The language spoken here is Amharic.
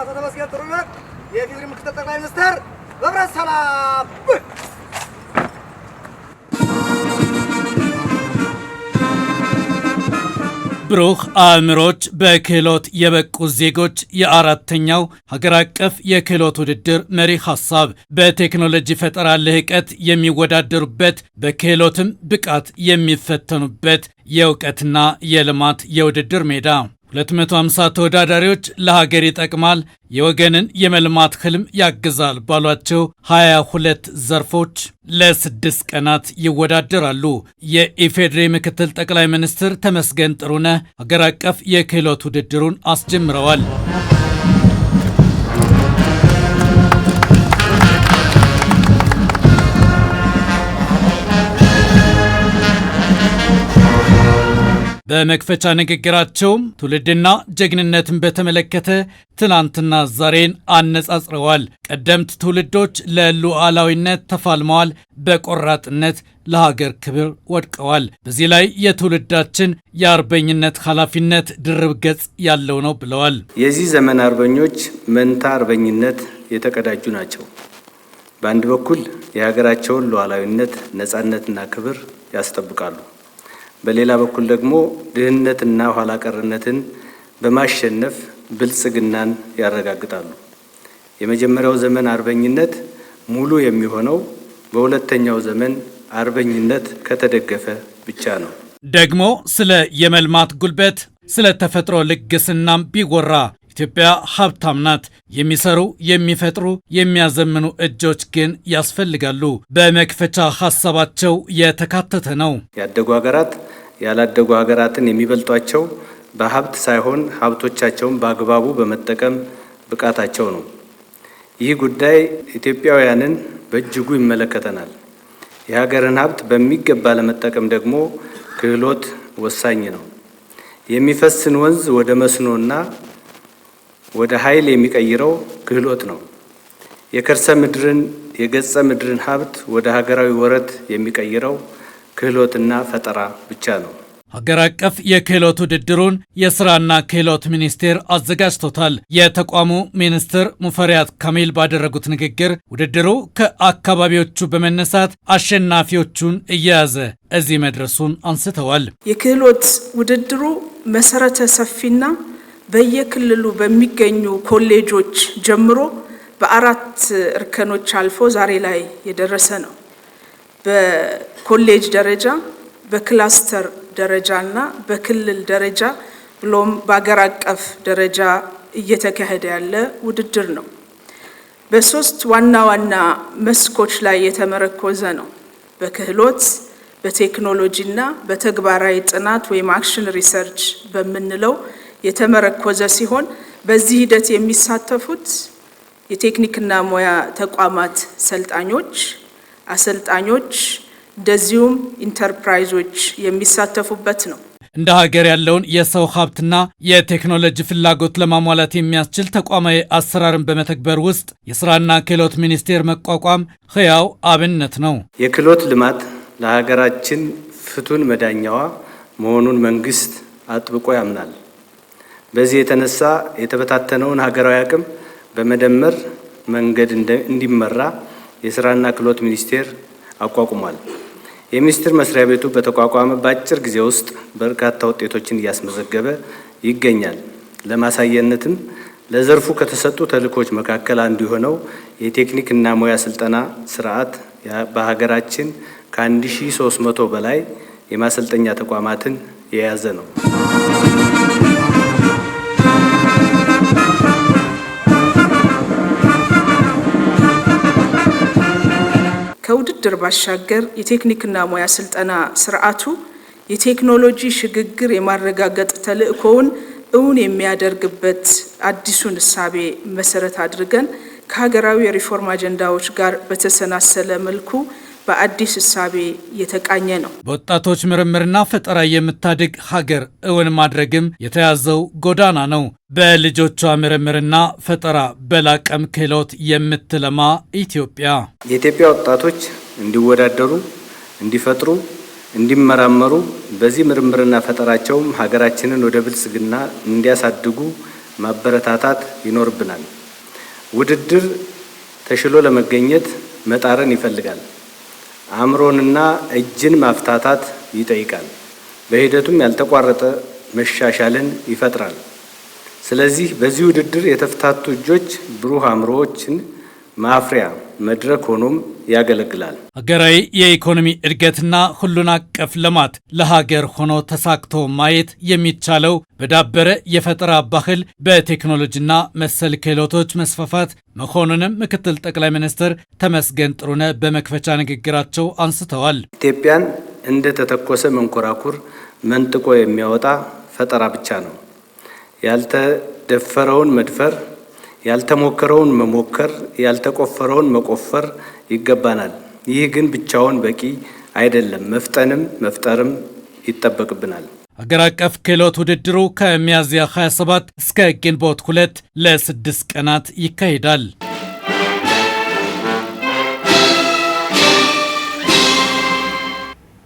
አቶ ተመስገን ጥሩነህ ምክትል ጠቅላይ ሚኒስትር በብረት ሰላም ብሩህ አእምሮች በክህሎት የበቁ ዜጎች የአራተኛው ሀገር አቀፍ የክህሎት ውድድር መሪ ሀሳብ በቴክኖሎጂ ፈጠራ ልህቀት የሚወዳደሩበት በክህሎትም ብቃት የሚፈተኑበት የእውቀትና የልማት የውድድር ሜዳ 250 ተወዳዳሪዎች ለሀገር ይጠቅማል፣ የወገንን የመልማት ህልም ያግዛል ባሏቸው 22 ዘርፎች ለስድስት ቀናት ይወዳደራሉ። የኢፌዴሪ ምክትል ጠቅላይ ሚኒስትር ተመስገን ጥሩነህ ሀገር አቀፍ የክህሎት ውድድሩን አስጀምረዋል። በመክፈቻ ንግግራቸውም ትውልድና ጀግንነትን በተመለከተ ትናንትና ዛሬን አነጻጽረዋል። ቀደምት ትውልዶች ለሉዓላዊነት ተፋልመዋል፣ በቆራጥነት ለሀገር ክብር ወድቀዋል። በዚህ ላይ የትውልዳችን የአርበኝነት ኃላፊነት ድርብ ገጽ ያለው ነው ብለዋል። የዚህ ዘመን አርበኞች መንታ አርበኝነት የተቀዳጁ ናቸው። በአንድ በኩል የሀገራቸውን ሉዓላዊነት ነፃነትና ክብር ያስጠብቃሉ። በሌላ በኩል ደግሞ ድህነትና ኋላቀርነትን በማሸነፍ ብልጽግናን ያረጋግጣሉ። የመጀመሪያው ዘመን አርበኝነት ሙሉ የሚሆነው በሁለተኛው ዘመን አርበኝነት ከተደገፈ ብቻ ነው። ደግሞ ስለ የመልማት ጉልበት ስለ ተፈጥሮ ልግስናም ቢወራ ኢትዮጵያ ሀብታም ናት። የሚሰሩ የሚፈጥሩ፣ የሚያዘምኑ እጆች ግን ያስፈልጋሉ። በመክፈቻ ሀሳባቸው የተካተተ ነው። ያደጉ ሀገራት ያላደጉ ሀገራትን የሚበልጧቸው በሀብት ሳይሆን ሀብቶቻቸውን በአግባቡ በመጠቀም ብቃታቸው ነው። ይህ ጉዳይ ኢትዮጵያውያንን በእጅጉ ይመለከተናል። የሀገርን ሀብት በሚገባ ለመጠቀም ደግሞ ክህሎት ወሳኝ ነው። የሚፈስን ወንዝ ወደ መስኖና ወደ ኃይል የሚቀይረው ክህሎት ነው። የከርሰ ምድርን የገጸ ምድርን ሀብት ወደ ሀገራዊ ወረት የሚቀይረው ክህሎትና ፈጠራ ብቻ ነው። ሀገር አቀፍ የክህሎት ውድድሩን የስራና ክህሎት ሚኒስቴር አዘጋጅቶታል። የተቋሙ ሚኒስትር ሙፈሪያት ካሚል ባደረጉት ንግግር ውድድሩ ከአካባቢዎቹ በመነሳት አሸናፊዎቹን እየያዘ እዚህ መድረሱን አንስተዋል። የክህሎት ውድድሩ መሰረተ ሰፊና በየክልሉ በሚገኙ ኮሌጆች ጀምሮ በአራት እርከኖች አልፎ ዛሬ ላይ የደረሰ ነው። በኮሌጅ ደረጃ በክላስተር ደረጃ እና በክልል ደረጃ ብሎም በአገር አቀፍ ደረጃ እየተካሄደ ያለ ውድድር ነው። በሶስት ዋና ዋና መስኮች ላይ የተመረኮዘ ነው። በክህሎት፣ በቴክኖሎጂ እና በተግባራዊ ጥናት ወይም አክሽን ሪሰርች በምንለው የተመረኮዘ ሲሆን በዚህ ሂደት የሚሳተፉት የቴክኒክና ሙያ ተቋማት ሰልጣኞች አሰልጣኞች፣ እንደዚሁም ኢንተርፕራይዞች የሚሳተፉበት ነው። እንደ ሀገር ያለውን የሰው ሀብትና የቴክኖሎጂ ፍላጎት ለማሟላት የሚያስችል ተቋማዊ አሰራርን በመተግበር ውስጥ የስራና ክህሎት ሚኒስቴር መቋቋም ህያው አብነት ነው። የክህሎት ልማት ለሀገራችን ፍቱን መዳኛዋ መሆኑን መንግስት አጥብቆ ያምናል። በዚህ የተነሳ የተበታተነውን ሀገራዊ አቅም በመደመር መንገድ እንዲመራ የስራና ክህሎት ሚኒስቴር አቋቁሟል። የሚኒስቴር መስሪያ ቤቱ በተቋቋመ በአጭር ጊዜ ውስጥ በርካታ ውጤቶችን እያስመዘገበ ይገኛል። ለማሳያነትም ለዘርፉ ከተሰጡ ተልእኮች መካከል አንዱ የሆነው የቴክኒክ እና ሙያ ስልጠና ስርዓት በሀገራችን ከ1300 በላይ የማሰልጠኛ ተቋማትን የያዘ ነው። ውድድር ባሻገር የቴክኒክና ሙያ ስልጠና ስርዓቱ የቴክኖሎጂ ሽግግር የማረጋገጥ ተልዕኮውን እውን የሚያደርግበት አዲሱን እሳቤ መሰረት አድርገን ከሀገራዊ የሪፎርም አጀንዳዎች ጋር በተሰናሰለ መልኩ በአዲስ እሳቤ የተቃኘ ነው። በወጣቶች ምርምርና ፈጠራ የምታድግ ሀገር እውን ማድረግም የተያዘው ጎዳና ነው። በልጆቿ ምርምርና ፈጠራ በላቀም ክህሎት የምትለማ ኢትዮጵያ የኢትዮጵያ ወጣቶች እንዲወዳደሩ፣ እንዲፈጥሩ፣ እንዲመራመሩ በዚህ ምርምርና ፈጠራቸውም ሀገራችንን ወደ ብልጽግና እንዲያሳድጉ ማበረታታት ይኖርብናል። ውድድር ተሽሎ ለመገኘት መጣርን ይፈልጋል። አእምሮንና እጅን ማፍታታት ይጠይቃል። በሂደቱም ያልተቋረጠ መሻሻልን ይፈጥራል። ስለዚህ በዚህ ውድድር የተፍታቱ እጆች ብሩህ አእምሮዎችን ማፍሪያ መድረክ ሆኖም ያገለግላል። ሀገራዊ የኢኮኖሚ እድገትና ሁሉን አቀፍ ልማት ለሀገር ሆኖ ተሳክቶ ማየት የሚቻለው በዳበረ የፈጠራ ባህል በቴክኖሎጂና መሰል ክህሎቶች መስፋፋት መሆኑንም ምክትል ጠቅላይ ሚኒስትር ተመስገን ጥሩነ በመክፈቻ ንግግራቸው አንስተዋል። ኢትዮጵያን እንደ ተተኮሰ መንኮራኩር መንጥቆ የሚያወጣ ፈጠራ ብቻ ነው። ያልተደፈረውን መድፈር ያልተሞከረውን መሞከር፣ ያልተቆፈረውን መቆፈር ይገባናል። ይህ ግን ብቻውን በቂ አይደለም። መፍጠንም መፍጠርም ይጠበቅብናል። አገር አቀፍ ክህሎት ውድድሩ ከሚያዝያ 27 እስከ ግንቦት 2 ለስድስት ቀናት ይካሄዳል።